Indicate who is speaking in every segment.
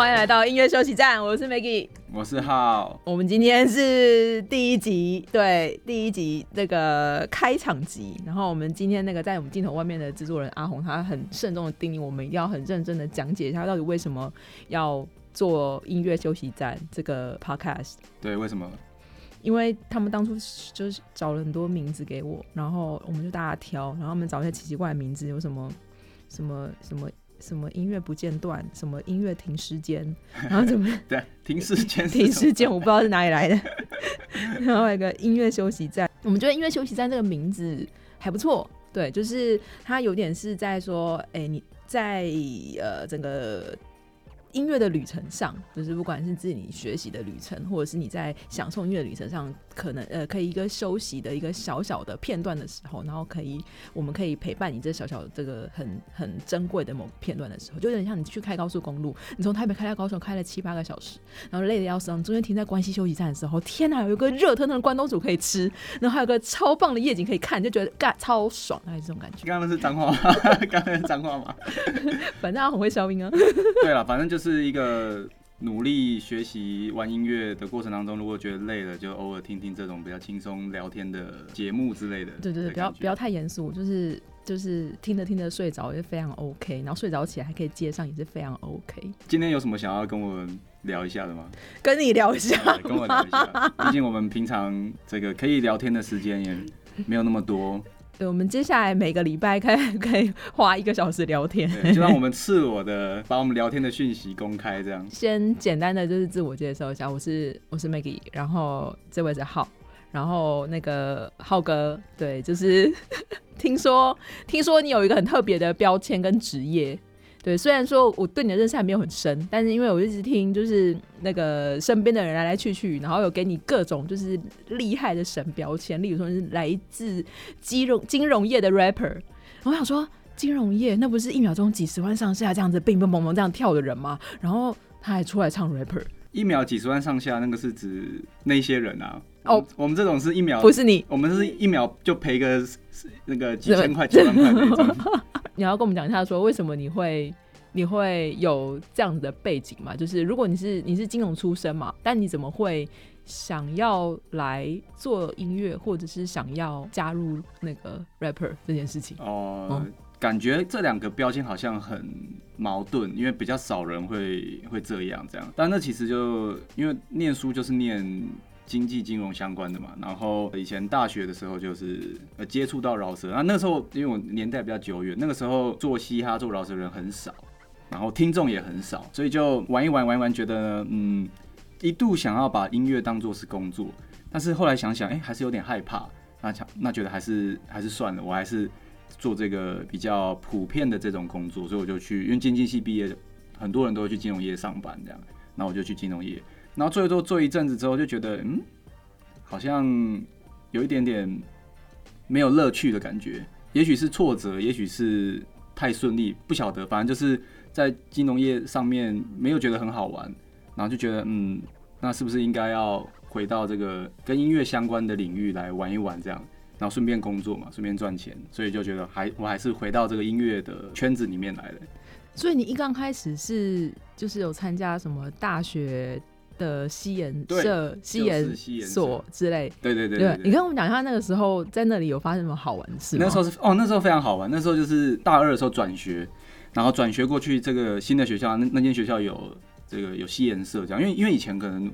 Speaker 1: 歡迎來到音樂休息站，我是 Maggie，
Speaker 2: 我是浩，
Speaker 1: 我們今天是第一集，對，第一集這個開場集，然後我們今天那個在我們鏡頭外面的制作人阿紅，他很慎重的叮嚀我們，一定要很認真的講解一下，到底為什麼要做音樂休息站這個 podcast？對，為什麼？因為他們當初就是找了很多名字給我，然後我們就大家挑，然後我們找一些奇奇怪怪的名字，有什麼，什麼，什麼。什麼音樂不間斷，什麼音樂停時間，然後怎麼，對，
Speaker 2: 停時間停時間，我不
Speaker 1: 知道是哪裡來的。 然後一個音樂休息站，我們覺得音樂休息站這個名字還不錯。對，就是它有點是在說，哎、欸，你在呃整個。音樂的旅程上，就是不管是自己你學習的旅程，或者是你在享受音樂的旅程上，可能呃可以一個休息的一個小小的片段的時候，然後可以，我們可以陪伴你這小小這個很很珍貴的某片段的時候，就有點像你去開高速公路，你從台北開到高雄開了七八個小時，然後累得要死，你中間停在關西休息站的時候，天哪，有一個熱騰騰的關東煮可以吃，然後還有一個超棒的夜景可以看，就覺得幹超爽，還是這種感覺。剛剛那是髒話，剛剛那是髒話嗎？反正他很會消音啊。對了，反
Speaker 2: 正就是。是一個努力學習、玩音樂的過程當中，如果覺得累了，就偶爾聽聽這種比較輕鬆、聊天的節目之類的。
Speaker 1: 對對對，不要不要太嚴肅，就是就是聽着聽着睡着，也非常 OK。然後睡着起來還可以接上，也是非常 OK。
Speaker 2: 今天有什麼想要跟我聊一下的嗎？跟你聊一下， 跟我聊一下，畢竟我們平常這個可以聊天的時間也沒有那麼多。
Speaker 1: 對，我們接下來每個禮拜可以可以花一個小時聊天，就讓我
Speaker 2: 們赤裸的 把我們聊天的訊息公開，這樣。
Speaker 1: 先簡單的就是自我介紹一下，我是我是 Maggie，然後這位是浩，然後那個浩哥，對，就是 聽說聽說你有一個很特別的標籤跟職業。對，雖然說我對你的認識還沒有很深，但是因為我一直聽，就是那個身邊的人來來去去，然後有給你各種就是厲害的神標籤，例如說是來自金融金融業的 rapper，我想說金融業那不是一秒鐘幾十萬上下，啊、這樣子蹦蹦蹦蹦這樣跳的人嗎？然後他還出來唱 rapper。
Speaker 2: 一秒幾十萬上下，那個是指那些人啊。哦，oh, 我們這種是一秒不是你，我們是一秒就賠個那個幾千塊、 幾萬
Speaker 1: 塊。 你要跟我們講一下，說為什麼你會你會有這樣子的背景嘛？就是如果你是你是金融出身嘛，但你怎麼會想要來做音樂，或者是想要加入那個 rapper 這件事情？哦、oh.
Speaker 2: 嗯。感覺這兩個標籤好像很矛盾，因為比較少人會會這樣這樣。但那其實就因為念書就是念經濟金融相關的嘛，然後以前大學的時候就是呃接觸到饒舌，那那個時候因為我年代比較久遠，那個時候做嘻哈做饒舌人很少，然後聽眾也很少，所以就玩一玩玩一玩，覺得嗯一度想要把音樂當做是工作，但是後來想想哎還是有點害怕，那想那覺得還是還是算了，我還是。做這個比較普遍的這種工作，所以我就去，因為經濟系畢業，很多人都會去金融業上班這樣。那我就去金融業，然後做一做做一陣子之後，就覺得嗯，好像有一點點沒有樂趣的感覺。也許是挫折，也許是太順利，不曉得。反正就是在金融業上面沒有覺得很好玩，然後就覺得嗯，那是不是應該要回到這個跟音樂相關的領域來玩一玩這樣？然後順便工作嘛，順便賺錢，所以就覺得還我還是回到這個音樂的圈子裡面來了。
Speaker 1: 所以你一剛開始是就是有參加什麼大學的嘻研社，對嘻研所之類？之類對對對，對，對，對。你跟我們講一下那個時候在那裡有發生什麼好玩的事。那時
Speaker 2: 候是哦，那時候非常好玩。那時候就是大二的時候轉學，然後轉學過去這個新的學校，那那間學校有這個有嘻研社，這樣，因為因為以前可能。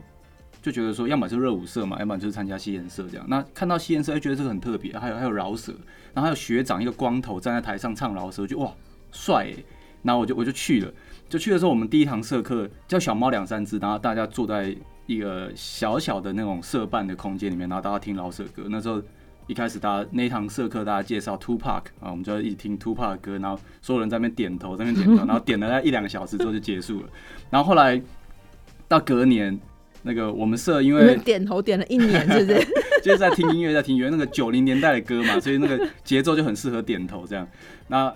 Speaker 2: 就覺得說，要麼是熱舞社嘛，要麼就是參加嘻研社這樣。那看到嘻研社，就覺得這個很特別。還有還有饒舌，然後還有學長一個光頭站在台上唱饒舌，就哇帥耶。然後我就我就去了，就去的時候，我們第一堂社課叫小貓兩三只，然後大家坐在一個小小的那種社辦的空間裡面，然後大家聽饒舌歌。那時候一開始大家那一堂社課大家介紹 Tupac 啊，我們就要一直聽 Tupac 的歌，然後所有人在那邊點頭，在那邊點頭，然後點了那一兩個小時之後就結束了。然後後來到隔年。那個我們社因為你們
Speaker 1: 點頭點了一年，是不是？
Speaker 2: 就是在聽音樂，在聽音樂，因為那個九零年代的歌嘛，所以那個節奏就很適合點頭這樣。那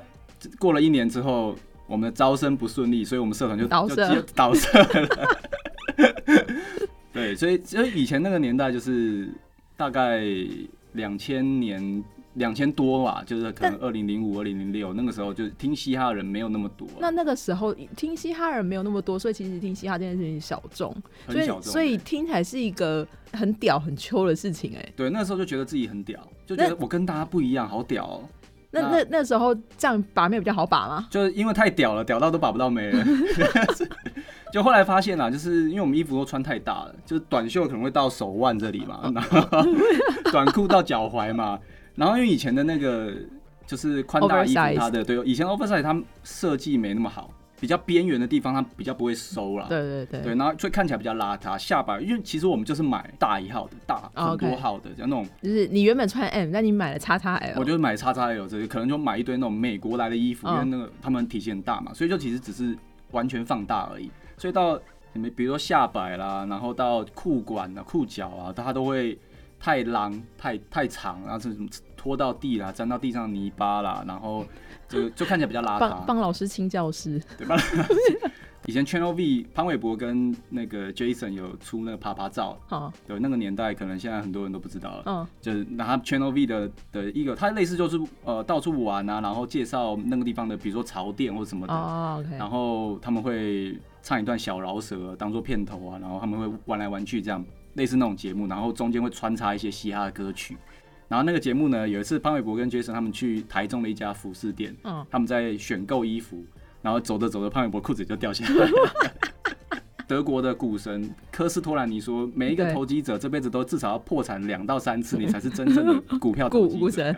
Speaker 2: 過了一年之後，我們的招生不順利，所以我們社團就就倒社了。 對，所以所以以前那個年代就是大概兩千年。兩千多吧，就是可能二零零五、二零零六那個時候，就是聽嘻哈的人沒有那麼多。
Speaker 1: 那那個時候聽嘻哈人沒有那麼多，所以其實聽嘻哈這件事情小眾，很小眾，所以聽起來是一個很屌很秋的事情哎。
Speaker 2: 對，那時候就覺得自己很屌，就覺得我跟大家不一樣，好屌。
Speaker 1: 那那那時候這樣把妹比較好把嗎？
Speaker 2: 就是因為太屌了，屌到都把不到妹了。就後來發現了，就是因為我們衣服都穿太大了，就是短袖可能會到手腕這裡嘛，短褲到腳踝嘛。然後因為以前的那個就是寬大衣服，它的，對，以前 oversize 它設計沒那麼好，比較邊緣的地方它比較不會收啦，
Speaker 1: 對對對，對，然
Speaker 2: 後就看起來比較邋遢。下擺因為其實我們就是買大一號的、大很多號的，像那種
Speaker 1: 就是你原本穿 M，那你買了 XXL。我就
Speaker 2: 買 XXL 這個可能就買一堆那種美國來的衣服，因為那個他們體型很大嘛，所以就其實只是完全放大而已。所以到你們比如說下擺啦，然後到褲管啦、褲腳啊，它都會太 long 太太長，然後這種。拖到地啦，粘到地上的泥巴啦，然後就就看起來比較邋遢。幫
Speaker 1: 老師清教室，對吧？幫老
Speaker 2: 師 以前 Channel V，潘瑋柏跟那個 Jason 有出那個啪啪照。Oh. 對，那個年代可能現在很多人都不知道了。嗯。Oh. 就是拿 Channel V 的的一個，他類似就是呃到處玩啊，然後介紹那個地方的，比如說潮店或者什麼的。哦。Oh,
Speaker 1: okay. 然
Speaker 2: 後他們會唱一段小饒舌當做片頭啊，然後他們會玩來玩去這樣，類似那種節目，然後中間會穿插一些嘻哈的歌曲。然後那個節目呢，有一次潘瑋柏跟傑森他們去台中的一家服飾店，嗯、他們在選購衣服，然後走着走着，潘瑋柏褲子就掉下來。 德國的股神科斯托蘭尼說：“每一個投機者這輩子都至少要破產兩到三次，你才是真正的股票 股股神。”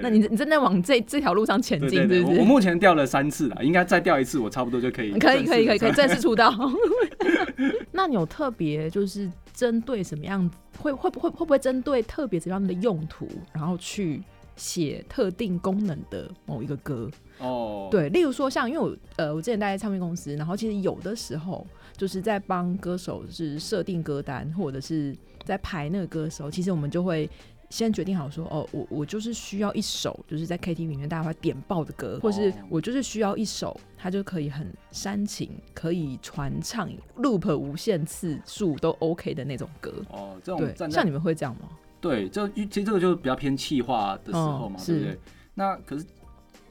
Speaker 1: 那你你正在往這這條路上前進，對不對,對？我目
Speaker 2: 前掉了三次了，應該再掉一次，我差不多就可以可以可以可以可以正式出
Speaker 1: 道。 那你有特別就是針對什麼樣子？會會不會會不會針對特別怎麼樣的用途，然後去寫特定功能的某一個歌？哦，對，例如說像因為我呃，我之前待在唱片公司，然後其實有的時候。就是在幫歌手就是設定歌單，或者是在排那個歌的時候。其實我們就會先決定好說，哦，我我就是需要一首，就是在 KTV 裡面大家會點爆的歌，或是我就是需要一首，他就可以很煽情，可以傳唱，loop 無限次數都 OK 的那種歌。哦，這種像你們會這樣嗎？
Speaker 2: 對，這其實這個就是比較偏企劃的時候嘛，哦、是對對，那可是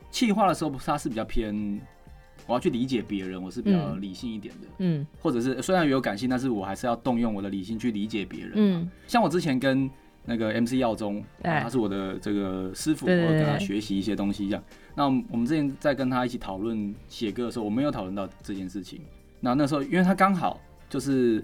Speaker 2: 企劃的時候，不它是比較偏。我要去理解別人，我是比較理性一點的，嗯，嗯，或者是雖然也有感性，但是我還是要動用我的理性去理解別人。嗯，像我之前跟那個 MC 耀宗，欸啊、他是我的這個師傅，我跟他學習一些東西這樣。對對對對，那我們之前在跟他一起討論寫歌的時候，我沒有討論到這件事情。那那時候，因為他剛好就是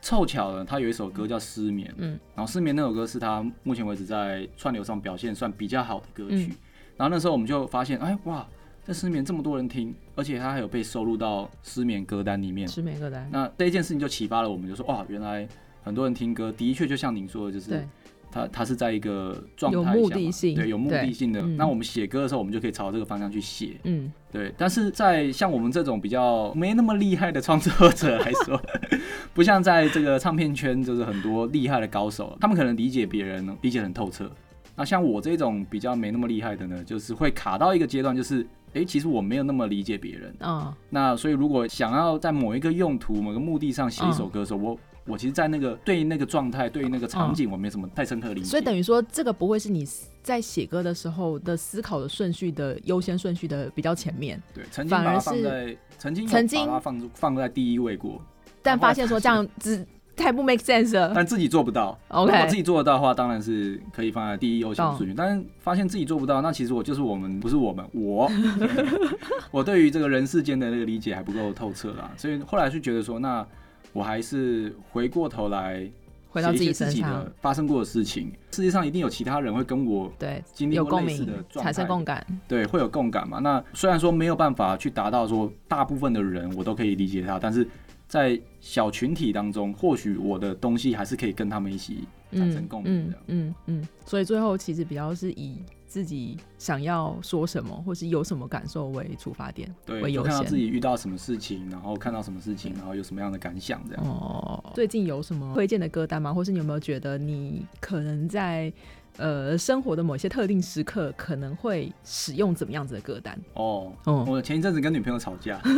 Speaker 2: 湊巧了，他有一首歌叫《失眠》，嗯，嗯，然後《失眠》那首歌是他目前為止在串流上表現算比較好的歌曲。嗯、然後那時候我們就發現，哎，哇！在失眠這麼多人聽，而且他還有被收錄到失眠歌單裡面。失眠歌單。那這件事情就啟發了我們，就說哇，原來很多人聽歌的確就像您說的，就是對他他是在一個狀態下嘛，有目的性。對，有目的性的。嗯、那我們寫歌的時候，我們就可以朝這個方向去寫。嗯。對。但是在像我們這種比較沒那麼厲害的創作者來說， 不像在這個唱片圈，就是很多厲害的高手， 他們可能理解別人理解很透徹。那像我這種比較沒那麼厲害的呢，就是會卡到一個階段，就是。哎、欸，其實我沒有那麼理解別人。嗯，那所以如果想要在某一個用途、某個目的上寫一首歌的時候，嗯、我我其實，在那個對那個狀態、對那個場景，嗯、我沒什麼太深刻的理解。所以等
Speaker 1: 於說，這個不會是你在寫歌的時候的思考的順序的優先順序的比較前面。對，曾經把它放在
Speaker 2: 曾經曾經把它放放在第一位過，但發現說這
Speaker 1: 樣子。 太不 make sense 了，但自
Speaker 2: 己做不到。Okay 我自己做得到的話，當然是可以放在第一優先順序。動但發現自己做不到，那其實我就是我們，不是我們，我， 嗯、我對於這個人世間的那個理解還不夠透徹啦。所以後來是覺得說，那我還是回過頭來，
Speaker 1: 回到自己身上
Speaker 2: 發生過的事情。世界上一定有其他人會跟我對經歷過類似的狀態，產生共感，對，會有共感嘛？那雖然說沒有辦法去達到說大部分的人我都可以理解他，但是，在小群體當中，或許我的東西還是可以跟他們一起產
Speaker 1: 生共鳴的，嗯。嗯嗯，所以最後其實比較是以自己想要說什麼，或是有什麼感受為出發點。對，有看到自己
Speaker 2: 遇到什麼事情，然後看到什麼事情，然後有什麼樣的感想，這樣。哦。
Speaker 1: 最近有什麼推薦的歌單嗎？或是你有沒有覺得你可能在呃生活的某些特定時刻，可能會使用怎麼樣子的歌單？哦哦，
Speaker 2: 哦我前一陣子跟女朋友吵架。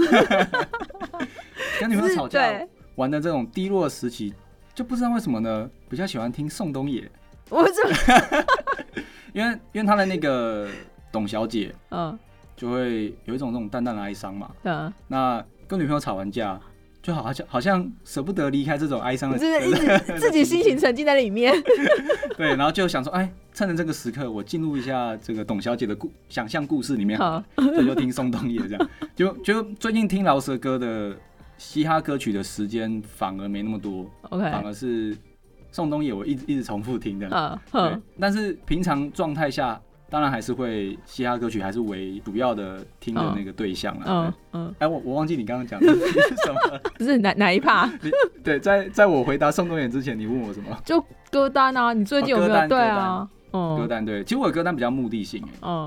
Speaker 2: 跟女朋友吵架玩的這種低落的時期，就不知道為什麼呢，比較喜歡聽宋冬野，
Speaker 1: 我怎麼？
Speaker 2: 因為因為他的那個董小姐，
Speaker 1: 嗯，
Speaker 2: 就會有一種那種淡淡的哀傷嘛，嗯。那跟女朋友吵完架，就好像好像捨不得離開這種哀傷的，就自己
Speaker 1: 心情沉浸在裡面。
Speaker 2: 對，然後就想說，哎，趁着這個時刻，我進入一下這個董小姐的故想象故事裡面好，好，就，就聽宋冬野這樣，就就最近聽饒舌歌的。嘻哈歌曲的時間反而沒那麼多，OK，反而是宋冬野，我一直一直重複聽的，嗯
Speaker 1: 哼。
Speaker 2: 但是平常狀態下，當然還是會嘻哈歌曲還是為主要的聽的那個對象了，
Speaker 1: 嗯嗯。
Speaker 2: 哎，我我忘記你剛剛講的
Speaker 1: 是什麼，不是哪哪一趴？
Speaker 2: 對，在在我回答宋冬野之前，你問我什麼？
Speaker 1: 就歌單啊，你最近有沒有？對啊，
Speaker 2: 歌單對，其實我的歌單比較目的性，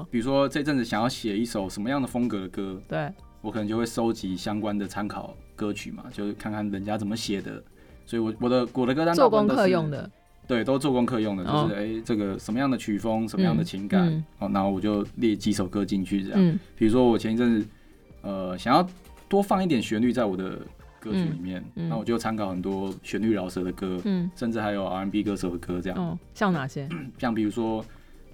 Speaker 2: 比如說這陣子想要寫一首什麼樣的風格的歌，對。我可能就會收集相關的參考歌曲嘛，就是看看人家怎麼寫的，所以我我的我的歌單是做功課用的，對，都做功課用的，哦、就是哎、欸，這個什麼樣的曲風，什麼樣的情感，嗯嗯、然後我就列幾首歌進去這樣。比、嗯、如說我前一陣子呃想要多放一點旋律在我的歌曲裡面，嗯嗯、那我就參考很多旋律饒舌的歌，嗯，甚至還有 R&B 歌手的歌這樣。哦、
Speaker 1: 像哪些？
Speaker 2: 像比如說。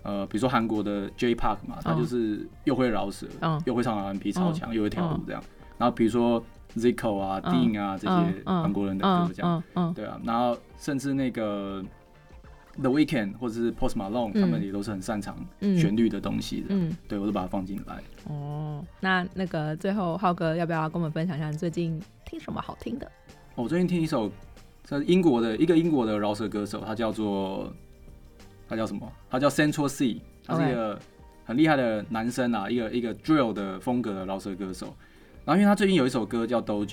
Speaker 2: 呃，比如說韓國的 Jay Park 嘛，他就是又會饒舌，oh, 又會唱 R&B，超強，oh, 又會跳舞這樣。然後比如說 Zico 啊、oh, Dean 啊這些韓國人的歌，這
Speaker 1: 樣，oh, oh, oh, oh, oh,
Speaker 2: 對啊。然後甚至那個 The Weeknd 或者是 Post Malone，他們、嗯、也都是很擅長旋律的東西的。嗯、對我都把它放進來。
Speaker 1: 哦，那那個最後浩哥要不要跟我們分享一下你最近聽什麼好聽的？
Speaker 2: 哦、我最近聽一首，在英國的一個英國的饒舌歌手，他叫做。他叫什麼？他叫 Central C，他是一個很厲害的男生啊，一個一個 Drill 的風格的饒舌歌手。然後，因為他最近有一首歌叫《Doja》，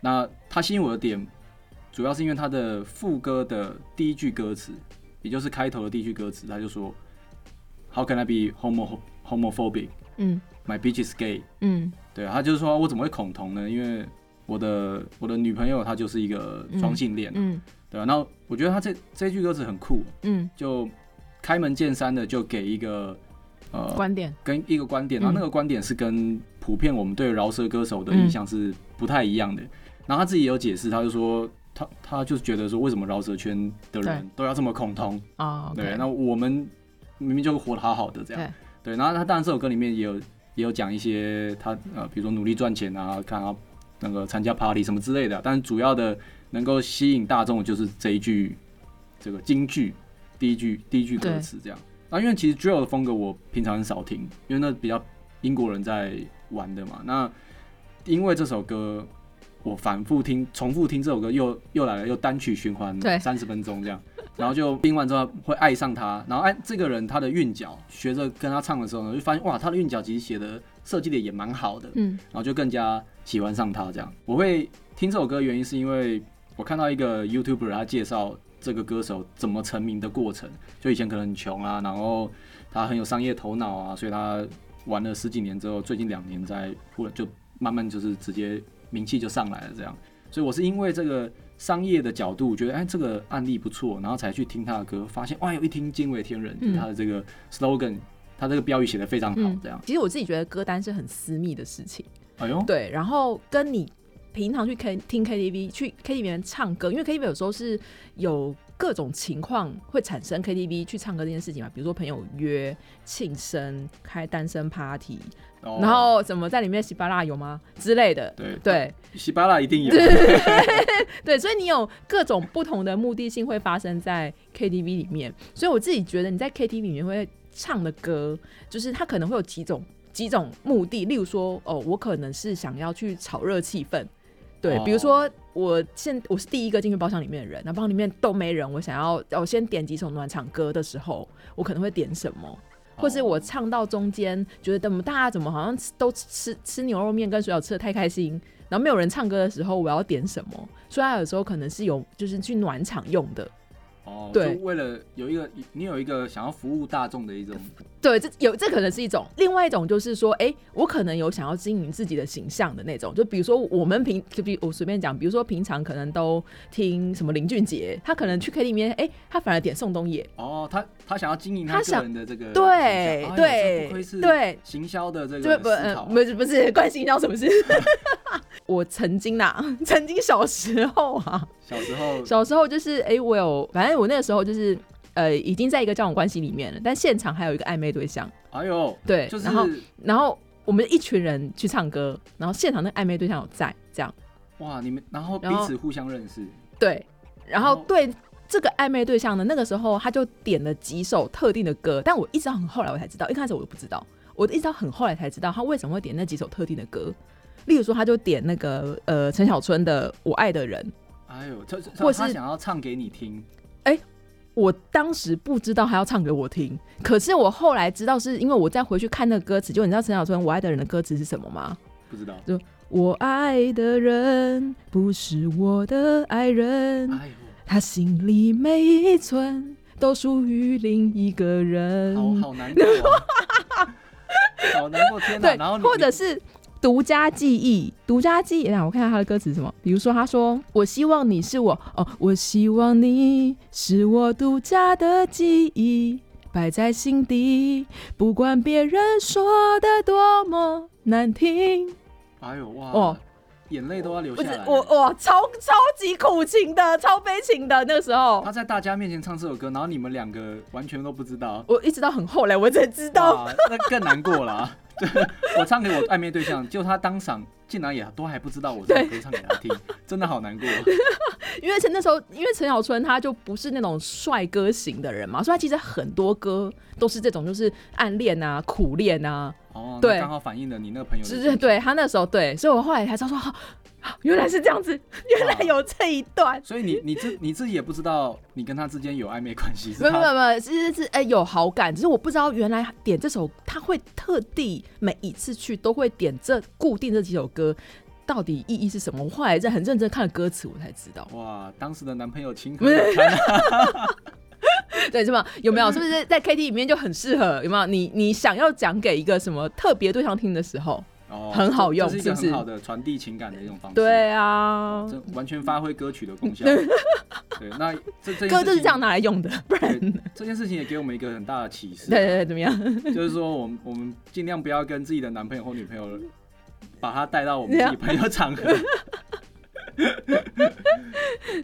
Speaker 2: 那他吸引我的點主要是因為他的副歌的第一句歌詞，也就是開頭的第一句歌詞，他就說：“How can I be homo homophobic？嗯，My bitch is gay。”嗯，對，他就是說我怎麼會恐同呢？因為我的我的女朋友她就是一個雙性戀啊，嗯。嗯，對啊。然後我覺得他這這句歌詞很酷。嗯，就。開門見山的就給一個呃觀點，跟一個觀點，然後那個觀點是跟普遍我們對饒舌歌手的印象是不太一樣的。嗯、然後他自己也有解釋，他就說他他就覺得說為什麼饒舌圈的人都要這麼恐同對，那對、哦 okay、我們明明就活得好好的這樣對，對。然後他當然這首歌裡面也有也有講一些他呃比如說努力賺錢啊，看他那個參加 party 什麼之類的。但是主要的能夠吸引大眾的就是這一句這個金句第一句，第一句歌詞這樣。那對、啊、因為其實 Drill 的風格我平常很少聽，因為那比較英國人在玩的嘛。那因為這首歌我反覆聽，重複聽這首歌又，又又來了，又單曲循環三十分鐘這樣。對然後就聽完之後會愛上他，然後哎，這個人他的韻腳，學着跟他唱的時候呢，就發現哇，他的韻腳其實寫的、設計的也蠻好的。嗯，然後就更加喜歡上他這樣。我會聽這首歌原因是因為我看到一個 YouTuber 他介紹。這個歌手怎麼成名的過程？就以前可能很窮啊，然後他很有商業頭腦啊，所以他玩了十幾年之後，最近兩年在忽然就慢慢就是直接名氣就上來了這樣。所以我是因為這個商業的角度覺得，哎，這個案例不錯，然後才去聽他的歌，發現哇、哎，一聽驚為天人，他的這個 slogan，他這個標語寫得非常好，這樣、嗯。
Speaker 1: 其實我自己覺得歌單是很私密的事情。哎呦，對，然後跟你。平常去 K 聽 KTV 去 KTV 裡面唱歌，因為 KTV 有時候是有各種情況會產生 KTV 去唱歌這件事情嘛，比如說朋友約、慶生、開單身 party，、oh. 然後怎麼在裡面洗吧啦？有嗎之類的？對對，洗吧啦對、啊、一定有。對， 對，所以你有各種不同的目的性會發生在 KTV 裡面， 所以我自己覺得你在 KTV 裡面會唱的歌，就是它可能會有幾種幾種目的，例如說哦，我可能是想要去炒熱氣氛。對，比如說，我現我是第一個進去包廂裡面的人，那包廂裡面都沒人，我想要我、哦、先點幾首暖場歌的時候，我可能會點什麼，或是我唱到中間覺得怎麼大家怎麼好像都吃吃牛肉麵跟水餃吃的太開心，然後沒有人唱歌的時候，我要點什麼？所以有時候可能是有就是去暖場用的。
Speaker 2: 哦，oh, 對，就為了有一個你有一個想要服務大眾的一種，
Speaker 1: 對，這有這可能是一種。另外一種就是說，哎、欸，我可能有想要經營自己的形象的那種。就比如說我們平，就比我隨便講，比如說平常可能都聽什麼林俊杰，他可能去 KTV，哎、欸，他反而點宋冬野。哦、oh,，他他想要經營他個人
Speaker 2: 的這個，對、啊呃、對，不愧是對行銷
Speaker 1: 的這個思考、啊、對，不、呃嗯、不是不是關行銷什麼事。 我曾經吶、啊，曾經小時候啊，小時候，小時候就是哎、欸，我有，反正我那個時候就是，呃，已經在一個交往關係裡面了，但現場還有一個曖昧對象。哎呦，對，就是，然後，然後我們一群人去唱歌，然後現場那曖昧對象有在，這樣。哇，你們，然後彼此
Speaker 2: 互相認識。
Speaker 1: 對，然後對這個曖昧對象呢，那個時候他就點了幾首特定的歌，但我一直到很後來我才知道，一開始我都不知道，我一直到很後來才知道他為什麼會點那幾首特定的歌。例如說，他就點那個呃，陳小春的《我愛的人》。
Speaker 2: 哎呦，或是他想要唱給你聽。
Speaker 1: 哎、欸，我當時不知道他要唱給我聽，可是我後來知道，是因為我再回去看那個歌詞。就你知道陳小春我的的《我愛的人》的歌詞是什麼嗎？不知道。就我愛的人不是我的愛人，哎、呦他心裡每一寸都屬於另一個人。好好難過，好難過！天哪！對，然後或者是。獨家記憶，獨家記憶。那我看看他的歌詞什麼？比如說，他說：“我希望你是我哦，我希望你是我獨家的記憶，擺在心底，不管別人說的多麼難聽。”哎呦哇！哦
Speaker 2: 眼淚都要流下來。
Speaker 1: 我，我哇，超超級苦情的，超悲情的。那個、時候他在
Speaker 2: 大家面前唱這首歌，然後你們兩個完全都不知道。我一直到很後來我才知道，那更難過了、啊。 我唱給我曖昧對象，就他當場竟然也都還不知道我這個歌對唱給他聽，真的好難過。 因
Speaker 1: 為陳那時候，因為陳小春他就不是那種帥哥型的人嘛，所以他其實很多歌都是這種，就是暗戀啊、苦戀啊。哦，對、喔，剛
Speaker 2: 好反映了你那個朋友對，是對
Speaker 1: 他那時候對，所以我後來才知道說、哦，
Speaker 2: 原來是這樣子，原來有這一段、啊。所以你你自你自己也不知道你跟他之間有曖昧關係，沒有
Speaker 1: 沒有是是是哎、欸、有好感，只是我不知道原來點這首他會特地每一次去都會點這固定這幾首歌，到底意義是什麼？我後來在很認真看了歌詞，我才知道。
Speaker 2: 哇，當時的男朋友親口、啊呵呵。
Speaker 1: 對，是吧？有沒有？是不是在 K T 裡面就很適合？有沒有？你你想要講給一個什麼特別對象聽的時候，哦、很好用，是不是？很好
Speaker 2: 的傳遞情感的一種
Speaker 1: 方式。對
Speaker 2: 啊，哦、這完全發揮歌曲的功效。 對，那這這歌就是這樣拿來用的。不然這件事情也給我們一個很大的啟示。 對對，對，怎麼樣？ 就是說我們，我我們盡量不要跟自己的男朋友或女朋友把他帶到我們女朋友場合。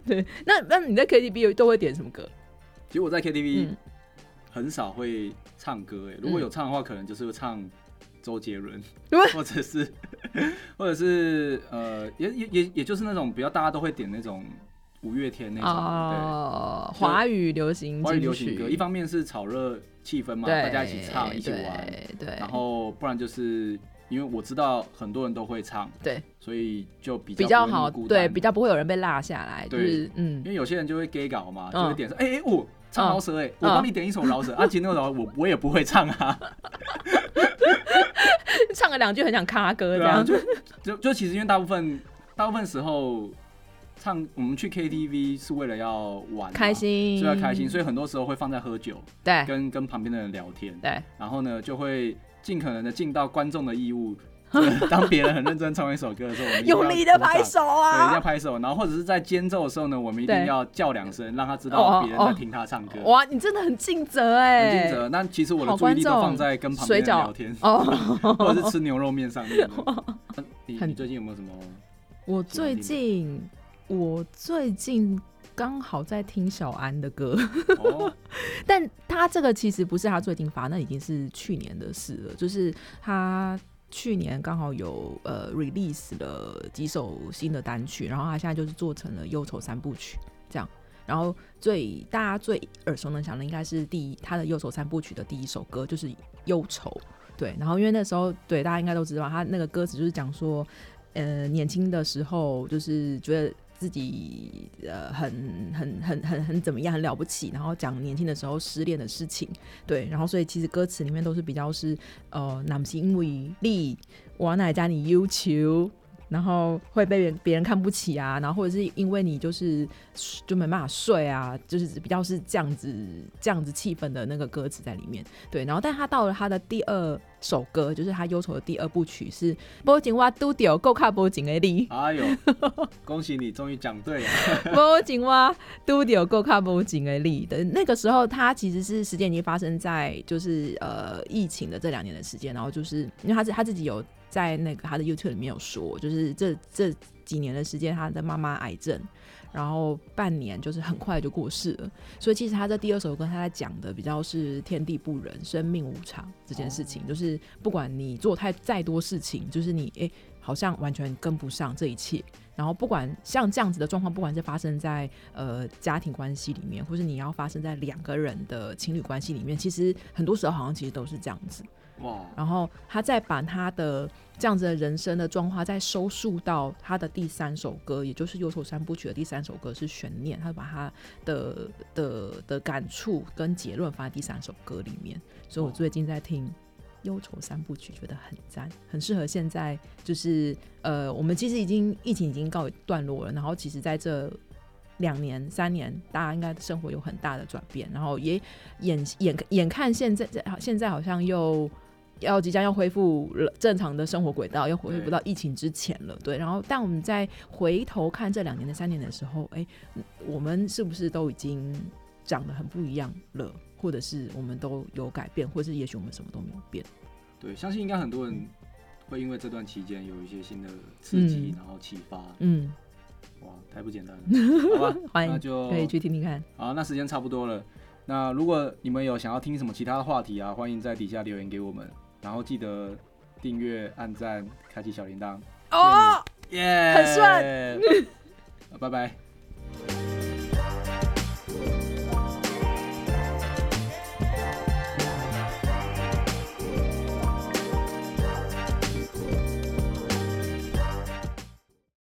Speaker 1: 對，那那你在 K T V 都會點什麼歌？
Speaker 2: 其實我在 KTV 很少會唱歌哎，如果有唱的話，可能就是會唱周杰倫，或者是或者是呃，也也也也就是那種比較大家都會點那種五月天那種哦，華
Speaker 1: 語流行華語流行歌。一
Speaker 2: 方面是炒熱氣氛嘛，大家一起唱一起玩，對。然後不然就是因為我知道很多人都會唱，對，所以就比較好，對，
Speaker 1: 比較不會有人被落下來，對
Speaker 2: 嗯，因為有些人就會 gay 搞嘛，就會點說哎哎我。唱饒、啊啊、舌哎、欸，哦、我幫你點一首饒舌。阿吉、啊， 那饒我我也不會唱啊，
Speaker 1: 唱了兩句很想卡歌這樣、啊、就
Speaker 2: 就就其實因為大部分大部分時候唱我們去 KTV 是為了要玩開心，為要開心，所以很多時候會放在喝酒，對，跟跟旁邊的人聊天，對，然後呢就會盡可能的盡到觀眾的義務。 對，當別人很認真唱一首歌的時候，我用力的拍手啊！對，用力的拍手，然後或者是在間奏的時候呢，我們一定要叫兩聲，對讓他知道別人在聽他唱歌。Oh, oh, oh.
Speaker 1: 哇，你真的很盡責哎！很盡責。
Speaker 2: 那其實我的注意力都放在跟旁邊的聊天哦觀，或者是吃牛肉麵上面。你最近有沒有什麼？
Speaker 1: 我最近，我最近剛好在聽小安的歌，oh. 但他這個其實不是他最近發，那已經是去年的事了，就是他。去年剛好有呃 release 了幾首新的單曲，然後他現在就是做成了憂愁三部曲這樣，然後最大家最耳熟能詳的應該是第一他的憂愁三部曲的第一首歌就是憂愁，對，然後因為那時候對大家應該都知道他那個歌詞就是講說，呃年輕的時候就是覺得。自己呃很很很很很怎麼樣很了不起，然後講年輕的時候失戀的事情，對，然後所以其實歌詞裡面都是比較是呃男性魅力，我奶加你要求。然後會被人別人看不起啊，然後或者是因為你就是就沒辦法睡啊，就是比較是這樣子這樣子氣氛的那個歌詞在裡面。對，然後但他到了他的第二首歌，就是他憂愁的第二部曲是《無情我都得有夠靠無情的你》哎呦。
Speaker 2: 恭喜你終於講對
Speaker 1: 了， 《無情我都得有夠靠無情的你》的那個時候，他其實是時間已經發生在就是呃疫情的這兩年的時間，然後就是因為他是他自己有。在那個他的 YouTube 裡面有說，就是這這幾年的時間，他的媽媽癌症，然後半年就是很快就過世了。所以其實他的第二首歌，他在講的比較是天地不仁，生命無常這件事情。就是不管你做太再多事情，就是你誒、欸、好像完全跟不上這一切。然後不管像這樣子的狀況，不管是發生在呃家庭關係裡面，或是你要發生在兩個人的情侶關係裡面，其實很多時候好像其實都是這樣子。Wow. 然後他再把他的這樣子的人生的狀況再收束到他的第三首歌，也就是《憂愁三部曲》的第三首歌是《懸念》，他把他的的的感觸跟結論放在第三首歌裡面。所以，我最近在聽《憂愁三部曲》，覺得很讚，很適合現在。就是呃，我們其實已經疫情已經告一段落了，然後其實在這兩年三年，大家應該生活有很大的轉變，然後也眼眼眼看現在在現在好像又要即將要恢復了正常的生活軌道，要恢復不到疫情之前了，對，對。然後，但我們再回頭看這兩年的三年的時候，哎，我們是不是都已經長得很不一樣了？或者是我們都有改變，或者是也許我們什麼都沒有變？
Speaker 2: 對，相信應該很多人會因為這段期間有一些新的刺激，嗯、然後啟發。嗯，哇，太不簡單了。好吧， 歡迎，那就可以去聽聽看。好，那時間差不多了。那如果你們有想要聽什麼其他的話題啊，歡迎在底下留言給我們。然後記得訂閱、按讚、開啟小鈴鐺
Speaker 1: 哦，耶，yeah! 很
Speaker 2: 帥帥， 拜拜。